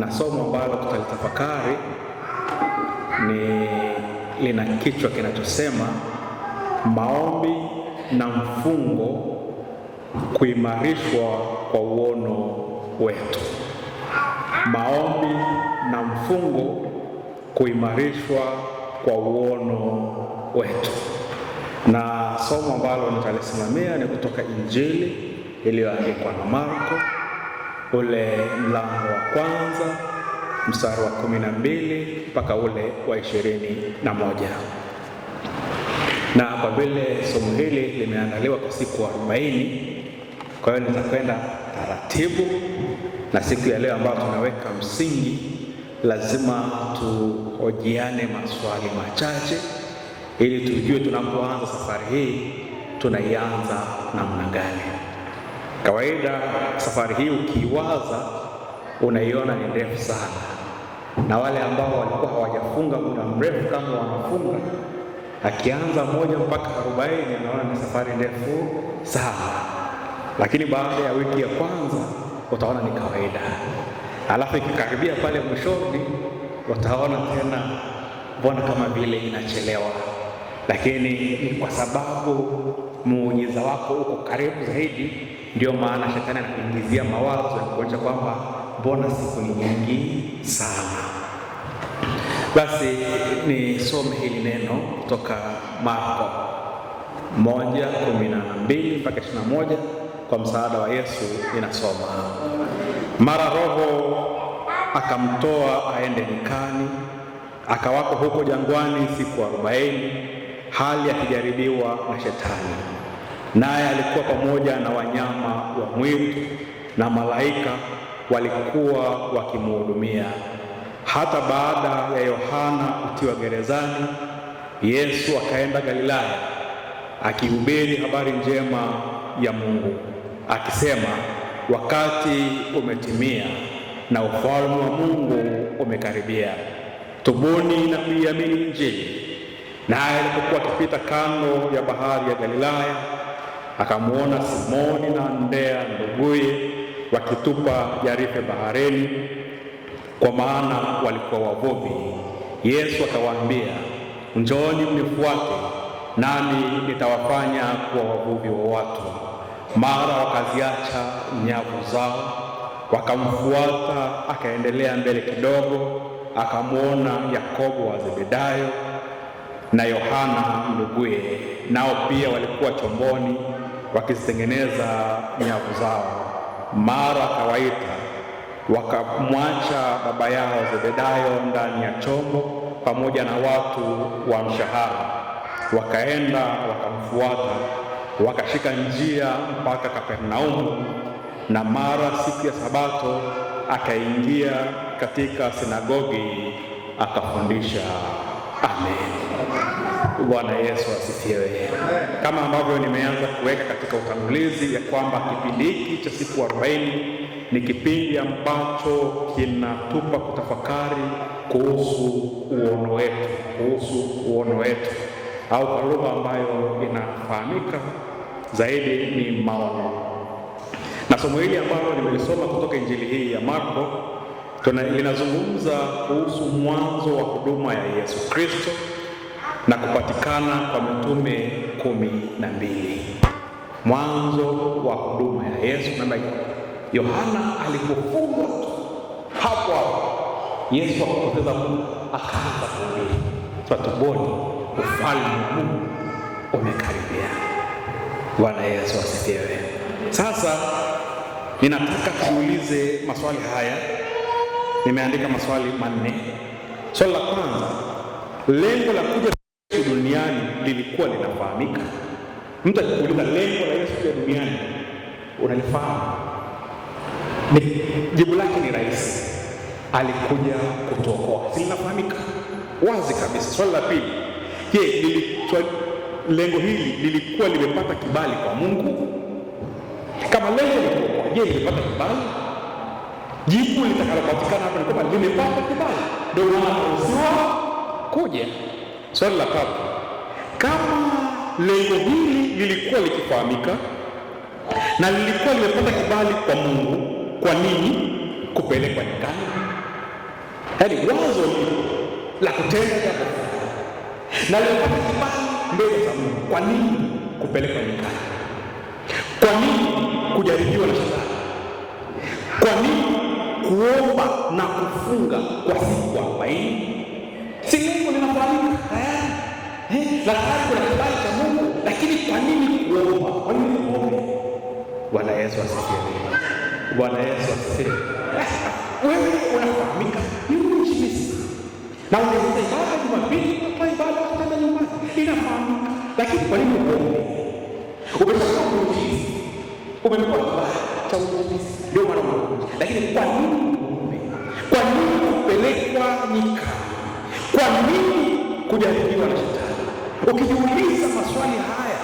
na somo ambalo tutalitafakari ni lina kichwa kinachosema maombi na mfungo kuimarishwa kwa uono wetu. Maombi na mfungo kuimarishwa kwa uono wetu. Na somo ambalo nitalisimamia ni kutoka Injili iliyoandikwa na Marko ule mlango wa kwanza mstari wa kumi na mbili mpaka ule wa ishirini na moja na kwa vile somo hili limeandaliwa kwa siku arobaini, kwa hiyo nitakwenda taratibu, na siku ya leo ambayo tunaweka msingi, lazima tuhojiane maswali machache ili tujue tunapoanza safari hii tunaianza namna gani. Kawaida safari hii ukiiwaza unaiona ni ndefu sana, na wale ambao walikuwa hawajafunga muda mrefu kama wanafunga, akianza moja mpaka arobaini anaona ni safari ndefu sana, lakini baada ya wiki ya kwanza utaona ni kawaida, alafu ikikaribia pale mwishoni utaona tena mbona kama vile inachelewa, lakini ni kwa sababu muujiza wako uko karibu zaidi ndio maana shetani anakuingizia mawazo ya kuonyesha kwamba mbona siku ni nyingi sana. Basi nisome hili neno kutoka Marko moja kumi na mbili mpaka ishirini na moja kwa msaada wa Yesu inasoma: mara Roho akamtoa aende nyikani, akawako huko jangwani siku arobaini, hali akijaribiwa na Shetani naye alikuwa pamoja na wanyama wa mwitu na malaika walikuwa wakimhudumia. Hata baada ya Yohana kutiwa gerezani, Yesu akaenda Galilaya akihubiri habari njema ya Mungu akisema, wakati umetimia na ufalme wa Mungu umekaribia, tubuni na kuiamini Injili. Naye alipokuwa akipita kando ya bahari ya Galilaya akamwona Simoni na Andrea nduguye wakitupa jarife baharini, kwa maana walikuwa wavuvi. Yesu akawaambia, njooni mnifuate, nami nitawafanya kuwa wavuvi wa watu. Mara wakaziacha nyavu zao wakamfuata. Akaendelea mbele kidogo, akamwona Yakobo wa Zebedayo na Yohana nduguye, nao pia walikuwa chomboni wakizitengeneza nyavu zao. Mara kawaita wakamwacha baba yao Zebedayo ndani ya chombo pamoja na watu wa mshahara, wakaenda wakamfuata, wakashika njia mpaka Kapernaumu. Na mara siku ya Sabato akaingia katika sinagogi akafundisha. Amen. Bwana Yesu asifiwe. Kama ambavyo nimeanza kuweka katika utangulizi ya kwamba kipindi hiki cha siku arobaini ni kipindi ambacho kinatupa kutafakari kuhusu uono wetu, kuhusu uono wetu au kwa lugha ambayo inafahamika zaidi ni maono. Na somo hili ambalo nimelisoma kutoka Injili hii ya Marko linazungumza kuhusu mwanzo wa huduma ya Yesu Kristo na kupatikana kwa mitume kumi na mbili. Mwanzo wa huduma ya Yesu. Yohana alipofungwa tu hapo Yesu akapoteza Mungu, akaanza kuhubiri twatuboni, ufalme wa Mungu umekaribia. Bwana Yesu asifiwe. Sasa ninataka tuulize maswali haya, nimeandika maswali manne. Swali la kwanza, lengo la kuja duniani lilikuwa linafahamika. Mtu akikuuliza lengo la yesu siku ya duniani unalifahamu, jibu lake ni rahisi, alikuja kutuokoa. Linafahamika wazi kabisa. Swali la pili, je, lengo hili lilikuwa limepata kibali kwa Mungu? Kama lengo ni kuokoa, je, limepata kibali? Jibu litakalopatikana hapa ni kwamba limepata kibali, ndio maana kuja. Swali la tatu kama lengo hili lilikuwa likifahamika na lilikuwa limepata kibali kwa Mungu, kwa nini kupelekwa nyikani? Yaani wazo hilo la kutenda na limepata kibali mbele za Mungu, kwa nini kupelekwa nyikani? Kwa nini kujaribiwa na shetani? Kwa nini kuomba na kufunga kwa siku arobaini? Si lengo linafahamika eh eh, lakini kuna kibali cha Mungu, lakini kwa nini kuomba? Kwa nini kuomba? Bwana Yesu asifiwe. Bwana Yesu asifiwe. Wewe unafahamika yule mjinisi na unaenda ibada Jumapili, kwa ibada kwenda nyumbani, inafahamika, lakini kwa nini kuomba? Umeshakuwa mjinisi, umekuwa kibali cha ujinisi, ndio maana unaomba. Lakini kwa nini uombe? Kwa nini kupelekwa nyika? Kwa nini kujaribiwa na shetani? Ukijiuliza maswali haya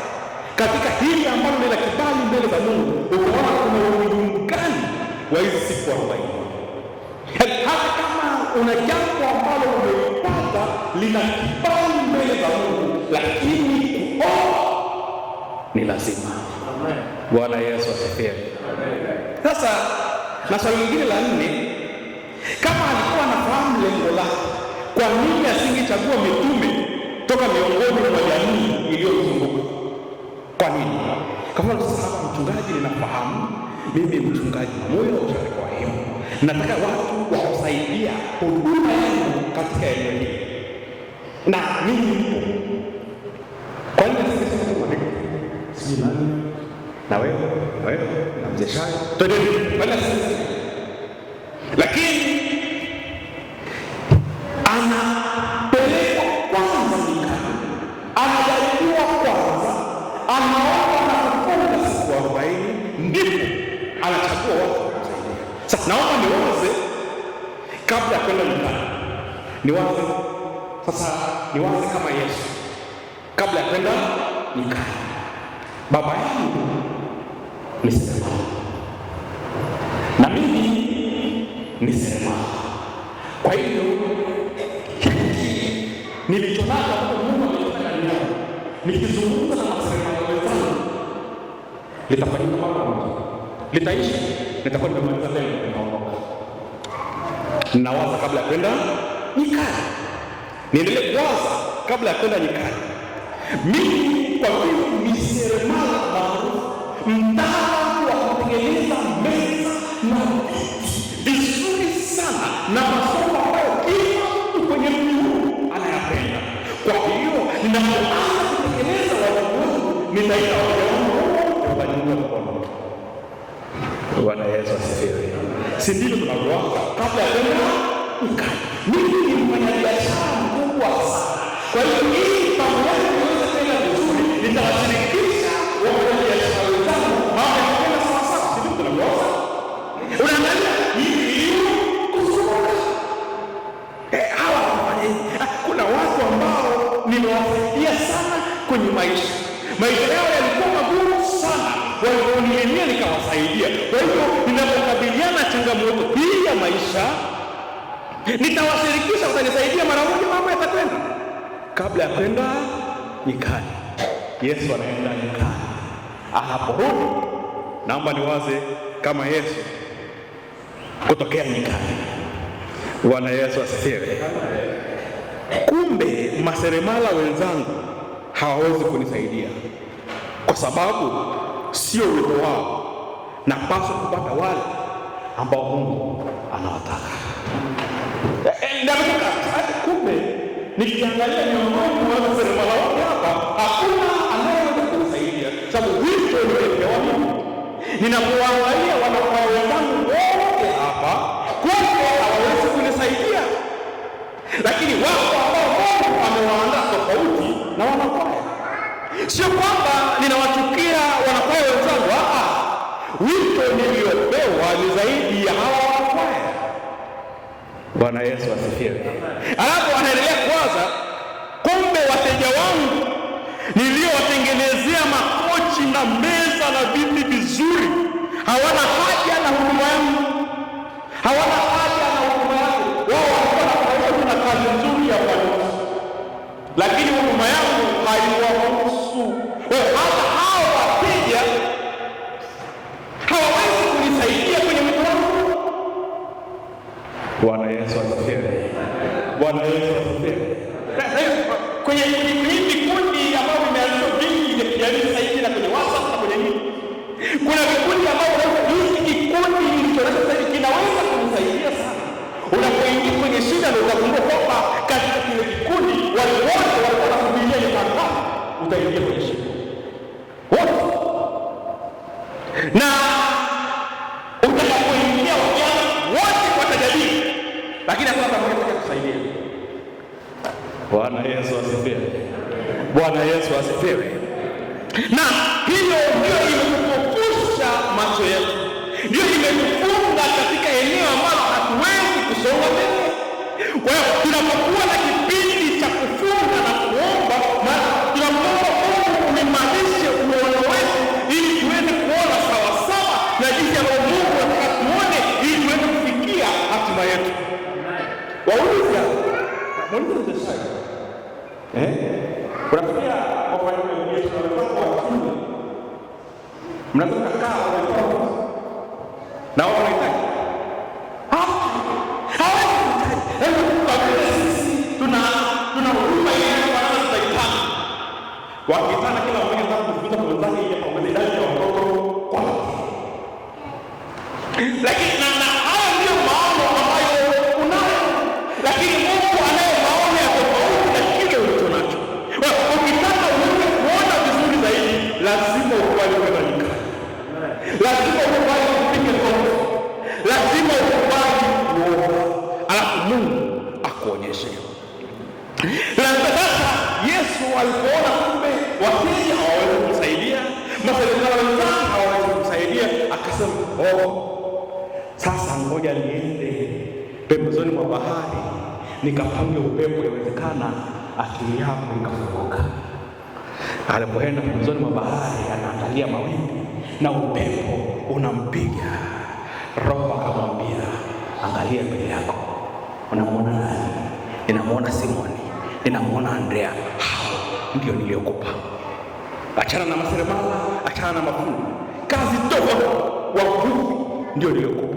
katika hili ambalo ni la kibali mbele za Mungu, ukaona kuna umuhimu gani wa hizi siku arobaini? Hata kama una jambo ambalo umelipata lina kibali mbele za Mungu, lakini kuoa ni lazima. Bwana Yesu asifiwe. Sasa na swali lingine la nne, kama alikuwa anafahamu lengo lake, kwa nini asingechagua mitume kutoka miongoni mwa jamii iliyozunguka. Kwa nini? Kwa Kama sasa mchungaji, ninafahamu mimi mchungaji moyo wa hemu, nataka watu wakusaidia huduma yangu katika eneo hili, na mimi nipo. Kwa hiyo sisi sisi nani na wewe na wewe na mzee Shai, twende, lakini Naomba niwaze kabla ya kwenda nyumbani, niwaze sasa, niwaze kama Yesu kabla ya kwenda nyumbani. Baba yangu ni na mimi ni Kwa hiyo hiki nilichonacho kwa Mungu amechotaka nikizungumza na wasema wenzangu, litafanyika mara moja, litaishi nitakuwa nimemaliza leo, ninaondoka. Ninawaza kabla ya kwenda nyikani, niendelee kuwaza kabla ya kwenda nyikani. Mimi kwa kweli ni seremala maarufu, mtaalamu wa kutengeneza meza na viti vizuri sana, na masomo ambayo kila mtu kwenye mji huu anayapenda. Kwa hiyo ninapoanza kutengeneza wajibu wangu nitaita si ndivyo tunavyoanza kabla ya kwenda uka. Mimi ni mfanyabiashara mkubwa sana, kwa hiyo hii mpango yangu iweze kwenda vizuri, nitawashirikisha wafanyabiashara wenzangu, maana ikwenda sawasawa. Si ndivyo tunavyoanza, unaangalia eh, hivi vilivyo kuzunguka hawa wafanya hivi. Kuna watu ambao nimewasaidia sana kwenye maisha maisha yao changamoto hii ya maisha, nitawashirikisha, watanisaidia mara moja, mambo yatakwenda. Kabla ya kwenda nyikani, Yesu anaenda nyikani. Anaporudi, naomba niwaze kama Yesu kutokea nyikani. Bwana Yesu asifiwe. Kumbe maseremala wenzangu hawawezi kunisaidia kwa sababu sio wito wao, napaswa kupata wale ambao Mungu anawataka. Eh, eh, kumbe nikiangalia miongoni mwa waseremala wote hapa hakuna anayeweza kunisaidia, sababu wito nilipewa ninakuangalia Ninapoangalia wanafaa wenzangu wote hapa, kumbe hawawezi kunisaidia, lakini wako ambao Mungu amewaandaa tofauti na wanakwaya. Sio kwamba ninawachukia wanakwaya wali zaidi ya hawa wakwaya. Bwana Yesu asifiwe. Alafu anaendelea kuwaza, kumbe wateja wangu niliyowatengenezea makochi na meza na viti vizuri hawana haja na huduma yangu, hawana haja na huduma yangu. Wao walikuwa na kazi nzuri ya kanisa, lakini huduma yangu haiwahusu. Bwana Yesu asifiwe. Bwana Yesu asifiwe. Sasa hiyo kwenye vikundi ambao vimeanzishwa vingi vya kijamii sasa hivi na kwenye WhatsApp na kwenye nini, kuna vikundi ambao unaweza hiki kikundi kilichoonyesha sasa hivi kinaweza kumsaidia sana. Unapoingia kwenye shida na utagundua kwamba katika kile kikundi watu wote walikuwa wanafumilia mipango, utaingia kwenye shida Yesu asifiwe. Bwana Yesu asifiwe. Na hiyo ndio imetupofusha macho yetu, ndio imetufunga katika eneo ambalo hatuwezi kusonga mbele. Kwa hiyo tunapokuwa na kipindi cha kufunga na kuomba, na tunamwomba Mungu uimarishe uono wetu ili tuweze kuona sawasawa na jinsi ambavyo Mungu anataka tuone, ili tuweze kufikia hatima yetu. wauliza Eh? Unafikia wafanyabiashara wenzako wa Mnataka kaa Na wao wanataka. Tuna tuna huduma ile kwa sababu wakitana sasa, Yesu alipoona kumbe wateja hawawezi kumsaidia, maserikali wenzake hawawezi kumsaidia, akasema oh, sasa ngoja niende pembezoni mwa bahari nikapange upepo, yawezekana akili yangu ikafunguka. Alipoenda pembezoni mwa bahari, anaangalia mawimbi na upepo unampiga. Roho akamwambia, angalia mbele yako, unamwona nani? Ninamwona Simoni ninamwona Andrea. Hao ndio niliyokupa. Achana na maseremala, achana na mafundi, kazi tofauti wakuzi ndio niliyokupa,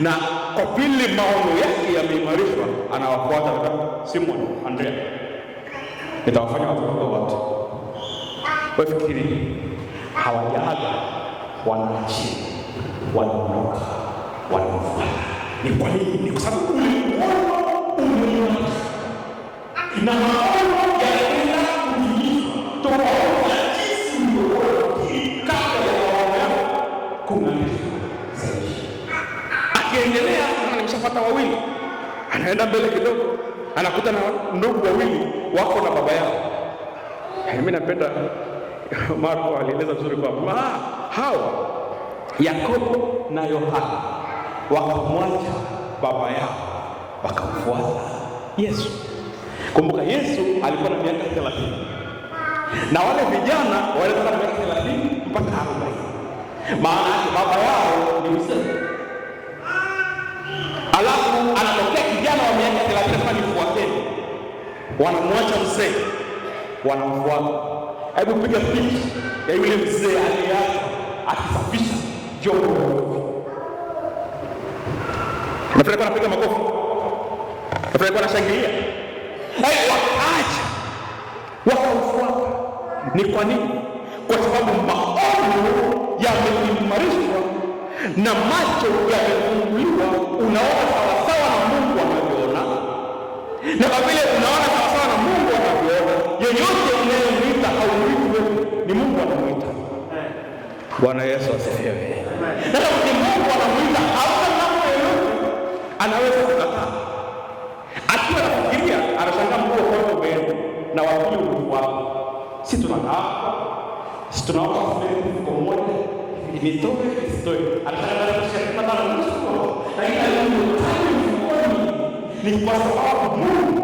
na kwa vile maono yake yameimarishwa, anawafuata kata Simon Andrea, nitawafanya watoto wote wafikiri hawajaaga, wanachi wanaondoka, wanaofuata. Ni kwa nini? Ni kwa sababu ulimwona ulimwona na maono yanaenda kutimizwa tofauti na jinsi ulivyofikiri kabla ya maono yako kumalizwa. Akiendelea anamshapata wawili, anaenda mbele kidogo, anakuta na ndugu wawili wako na baba yao. Mimi napenda Marko alieleza vizuri kwamba hawa Yakobo na Yohana wakamwacha baba yao wakamfuata Yesu. Kumbuka Yesu alikuwa na miaka 30 na wale vijana walikuwa na miaka 30 mpaka 40. Maana yake baba yao ni mzee, alafu anatokea kijana wa miaka 30 nifuateni, wanamwacha mzee, wanamfuata. Hebu piga picha ya yule mzee aliyeacha akisafisha vyombo. Nafikiri kwa napiga makofi, nafikiri kwa anashangilia Eh, wakaacha wakaufuata. Ni kwa nini? Kwa sababu maono yameimarishwa na macho yamefunguliwa, unaona sawasawa na Mungu anavyoona, na kwa vile unaona sawasawa na Mungu anavyoona, yeyote unayemwita haumwiti wewe, ni Mungu anamwita. Bwana Yesu asifiwe. Sasa ni Mungu anamwita, hauna namna yoyote, anaweza kukataa utambue ufalme wenu na wajue nguvu wako. Si tunakaapa si tunaomba kwa moja nitoe isitoe, lakini ni kwa sababu Mungu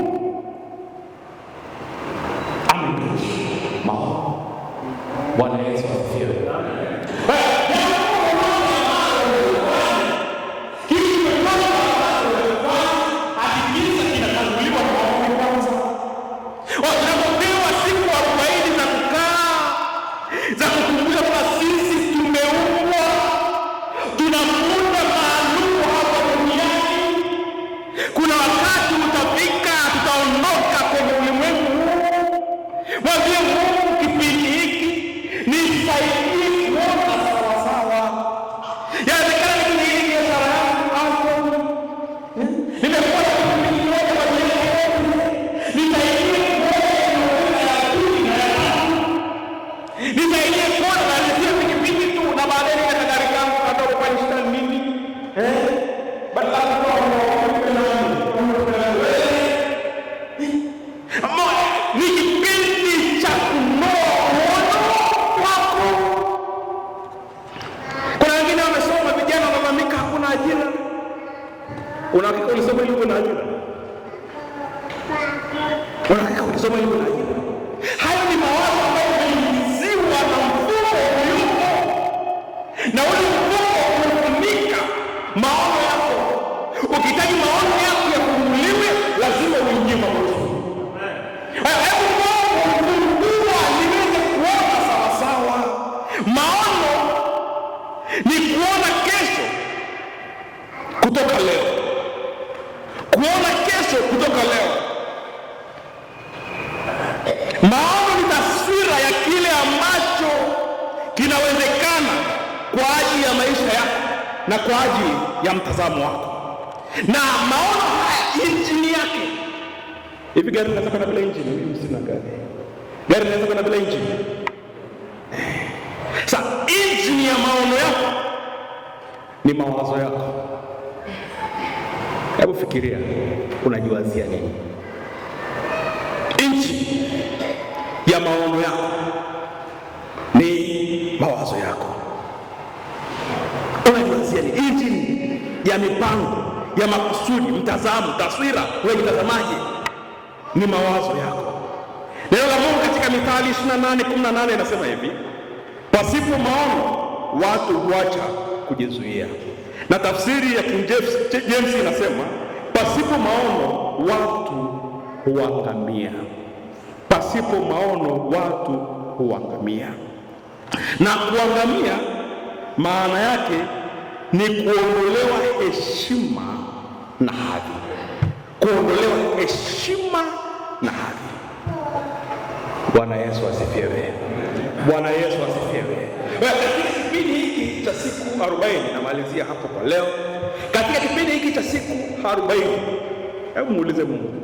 Mom. na kwa ajili ya mtazamo wako na maono haya, injini yake. Hivi gari linaweza kwenda bila injini? Mimi sina gari. Gari linaweza kwenda bila injini? sa injini ya maono yako ni mawazo yako. Hebu fikiria, unajiwazia nini? Injini ya maono yako injini ya mipango ya makusudi, mtazamo, taswira. Wewe mtazamaji, ni mawazo yako. Neno la Mungu katika Mithali 28:18 inasema hivi, pasipo maono watu huacha kujizuia, na tafsiri ya King James inasema pasipo maono watu huangamia. Pasipo maono watu huangamia, na kuangamia maana yake ni kuondolewa heshima na hadhi, kuondolewa heshima na hadhi. Bwana Yesu asifiwe! Bwana Yesu asifiwe! Katika kipindi hiki cha siku arobaini, namalizia hapo kwa leo. Katika kipindi hiki cha siku arobaini, hebu muulize Mungu,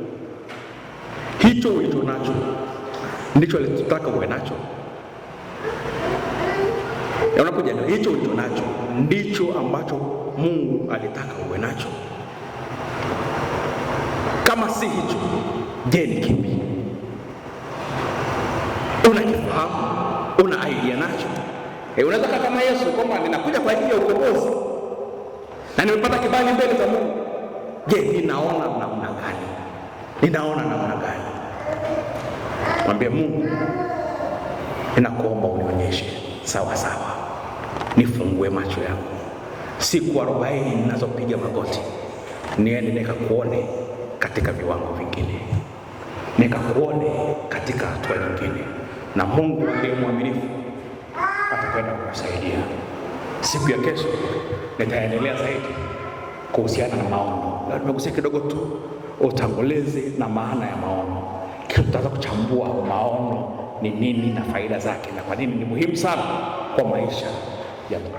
hicho ulicho nacho ndicho alitutaka uwe nacho? na hicho ulicho nacho ndicho ambacho Mungu alitaka uwe nacho. Kama si hicho, je, ni kipi? Unakifahamu? Una idea nacho? E, unataka kama Yesu kwamba ninakuja kwa ajili ya ukombozi na nimepata kibali mbele za Mungu. Je, ninaona namna gani? Ninaona namna gani? Mwambie Mungu, ninakuomba unionyeshe sawa sawa nifungue macho yangu. Siku arobaini ninazopiga magoti, niende nikakuone katika viwango vingine, nikakuone katika hatua nyingine, na Mungu ndiye mwaminifu, atakwenda kukusaidia. Siku ya kesho nitaendelea zaidi kuhusiana na maono. Leo nimegusia kidogo tu utangulizi na maana ya maono, kisha tutaanza kuchambua maono ni nini na faida zake na kwa nini ni muhimu sana kwa maisha. ya no